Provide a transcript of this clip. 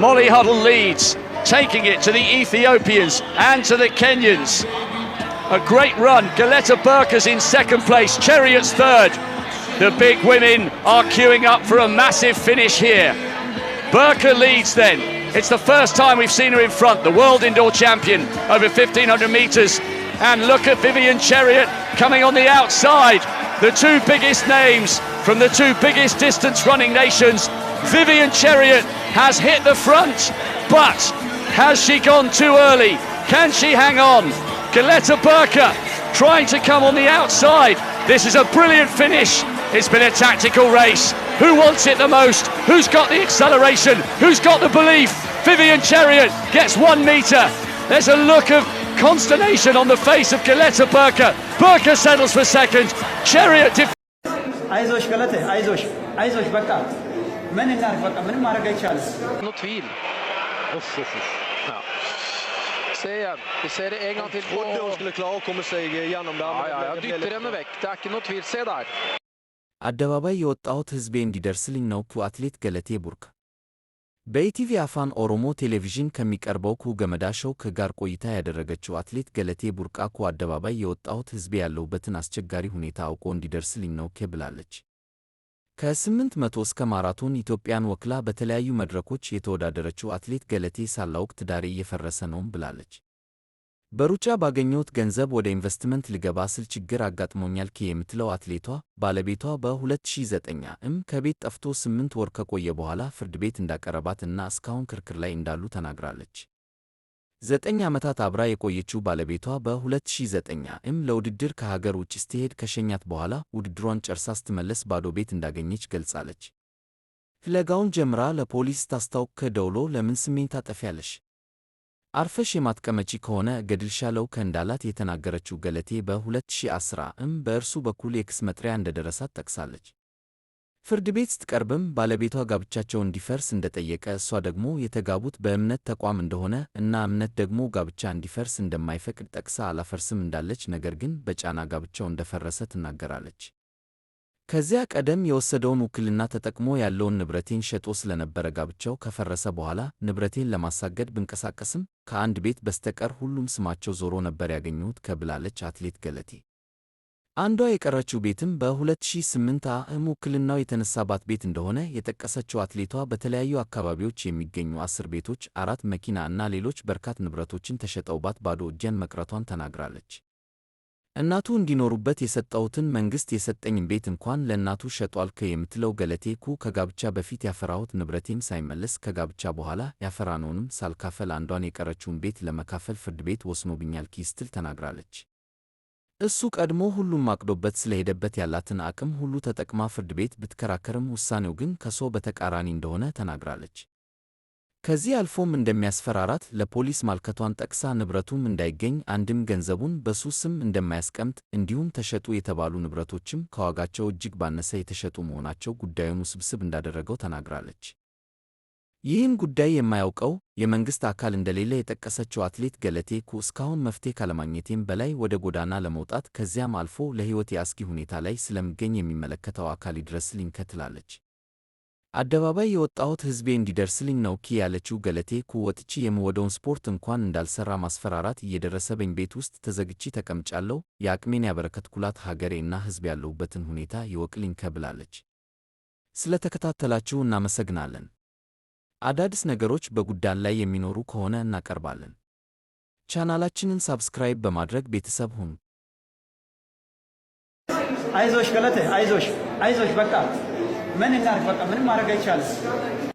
Molly Huddle leads, taking it to the Ethiopians and to the Kenyans. A great run. Galetta Burkers in second place, Chariots third. The big women are queuing up for a massive finish here. Burker leads then. It's the first time we've seen her in front, the world indoor champion over 1500 metres. And look at Vivian Chariot coming on the outside. The two biggest names from the two biggest distance running nations Vivian Cheriot has hit the front, but has she gone too early? Can she hang on? Galetta Burka trying to come on the outside. This is a brilliant finish. It's been a tactical race. Who wants it the most? Who's got the acceleration? Who's got the belief? Vivian Cheriot gets one metre. There's a look of consternation on the face of Galetta Burka. Burka settles for second. Cheriot. Def- ምን እናድርግ? በቃ ምንም ማድረግ አይቻልም። አደባባይ የወጣሁት ሕዝቤ እንዲደርስልኝ ነው። አትሌት ገለቴ ቡርካ በኢቲቪ አፋን ኦሮሞ ቴሌቪዥን ከሚቀርበው ኩ ገመዳ ሾው ከጋር ቆይታ ያደረገችው አትሌት ገለቴ ቡርቃ ኩ አደባባይ የወጣሁት ሕዝቤ ያለሁበትን አስቸጋሪ ሁኔታ አውቆ እንዲደርስልኝ ነው ብላለች። ከ800 እስከ ማራቶን ኢትዮጵያን ወክላ በተለያዩ መድረኮች የተወዳደረችው አትሌት ገለቴ ሳላውቅ ትዳሬ እየፈረሰ ነውም ብላለች። በሩጫ ባገኘሁት ገንዘብ ወደ ኢንቨስትመንት ልገባ ስል ችግር አጋጥሞኛል ኬ የምትለው አትሌቷ ባለቤቷ በ2009 እም ከቤት ጠፍቶ 8 ወር ከቆየ በኋላ ፍርድ ቤት እንዳቀረባት እና እስካሁን ክርክር ላይ እንዳሉ ተናግራለች። ዘጠኝ ዓመታት አብራ የቆየችው ባለቤቷ በ2009 ም ለውድድር ከሀገር ውጭ ስትሄድ ከሸኛት በኋላ ውድድሯን ጨርሳ ስትመለስ ባዶ ቤት እንዳገኘች ገልጻለች። ፍለጋውን ጀምራ ለፖሊስ ታስታውቅ ከደውሎ ለምን ስሜን ታጠፊያለሽ? አርፈሽ የማትቀመጪ ከሆነ ገድልሻለው ከእንዳላት የተናገረችው ገለቴ በ2010 ም በእርሱ በኩል የክስ መጥሪያ እንደደረሳት ጠቅሳለች። ፍርድ ቤት ስትቀርብም ባለቤቷ ጋብቻቸው እንዲፈርስ እንደጠየቀ እሷ ደግሞ የተጋቡት በእምነት ተቋም እንደሆነ እና እምነት ደግሞ ጋብቻ እንዲፈርስ እንደማይፈቅድ ጠቅሳ አላፈርስም እንዳለች፣ ነገር ግን በጫና ጋብቻው እንደፈረሰ ትናገራለች። ከዚያ ቀደም የወሰደውን ውክልና ተጠቅሞ ያለውን ንብረቴን ሸጦ ስለነበረ ጋብቻው ከፈረሰ በኋላ ንብረቴን ለማሳገድ ብንቀሳቀስም ከአንድ ቤት በስተቀር ሁሉም ስማቸው ዞሮ ነበር ያገኘሁት ከብላለች አትሌት ገለቴ አንዷ የቀረችው ቤትም በ2008 ዓ.ም ውክልናው የተነሳባት ቤት እንደሆነ የጠቀሰችው አትሌቷ በተለያዩ አካባቢዎች የሚገኙ አስር ቤቶች፣ አራት መኪና እና ሌሎች በርካት ንብረቶችን ተሸጠውባት ባዶ እጄን መቅረቷን ተናግራለች። እናቱ እንዲኖሩበት የሰጠሁትን መንግሥት የሰጠኝን ቤት እንኳን ለእናቱ ሸጧልከ የምትለው ገለቴ ኩ ከጋብቻ በፊት ያፈራሁት ንብረቴም ሳይመለስ ከጋብቻ በኋላ ያፈራነውንም ሳልካፈል አንዷን የቀረችውን ቤት ለመካፈል ፍርድ ቤት ወስኖብኛል ስትል ተናግራለች። እሱ ቀድሞ ሁሉም ማቅዶበት ስለሄደበት ያላትን አቅም ሁሉ ተጠቅማ ፍርድ ቤት ብትከራከርም ውሳኔው ግን ከሶ በተቃራኒ እንደሆነ ተናግራለች። ከዚህ አልፎም እንደሚያስፈራራት ለፖሊስ ማልከቷን ጠቅሳ ንብረቱም እንዳይገኝ አንድም ገንዘቡን በሱ ስም እንደማያስቀምጥ እንዲሁም ተሸጡ የተባሉ ንብረቶችም ከዋጋቸው እጅግ ባነሰ የተሸጡ መሆናቸው ጉዳዩን ውስብስብ እንዳደረገው ተናግራለች። ይህን ጉዳይ የማያውቀው የመንግሥት አካል እንደሌለ የጠቀሰችው አትሌት ገለቴ ኩ እስካሁን መፍትሄ ካለማግኘቴም በላይ ወደ ጎዳና ለመውጣት ከዚያም አልፎ ለሕይወት የአስጊ ሁኔታ ላይ ስለምገኝ የሚመለከተው አካል ይድረስልኝ ከትላለች። አደባባይ የወጣሁት ሕዝቤ እንዲደርስልኝ ነው ኪ ያለችው ገለቴ ኩ ወጥቼ የምወደውን ስፖርት እንኳን እንዳልሠራ ማስፈራራት እየደረሰበኝ ቤት ውስጥ ተዘግቼ ተቀምጫለሁ። የአቅሜን ያበረከትኩላት ሀገሬ እና ሕዝብ ያለሁበትን ሁኔታ ይወቅልኝ ከብላለች። ስለተከታተላችሁ እናመሰግናለን። አዳዲስ ነገሮች በጉዳን ላይ የሚኖሩ ከሆነ እናቀርባለን። ቻናላችንን ሳብስክራይብ በማድረግ ቤተሰብ ሁኑ። አይዞሽ ገለቴ፣ አይዞሽ፣ አይዞሽ። በቃ ምን እናድርግ? በቃ ምንም ማድረግ አይቻልም።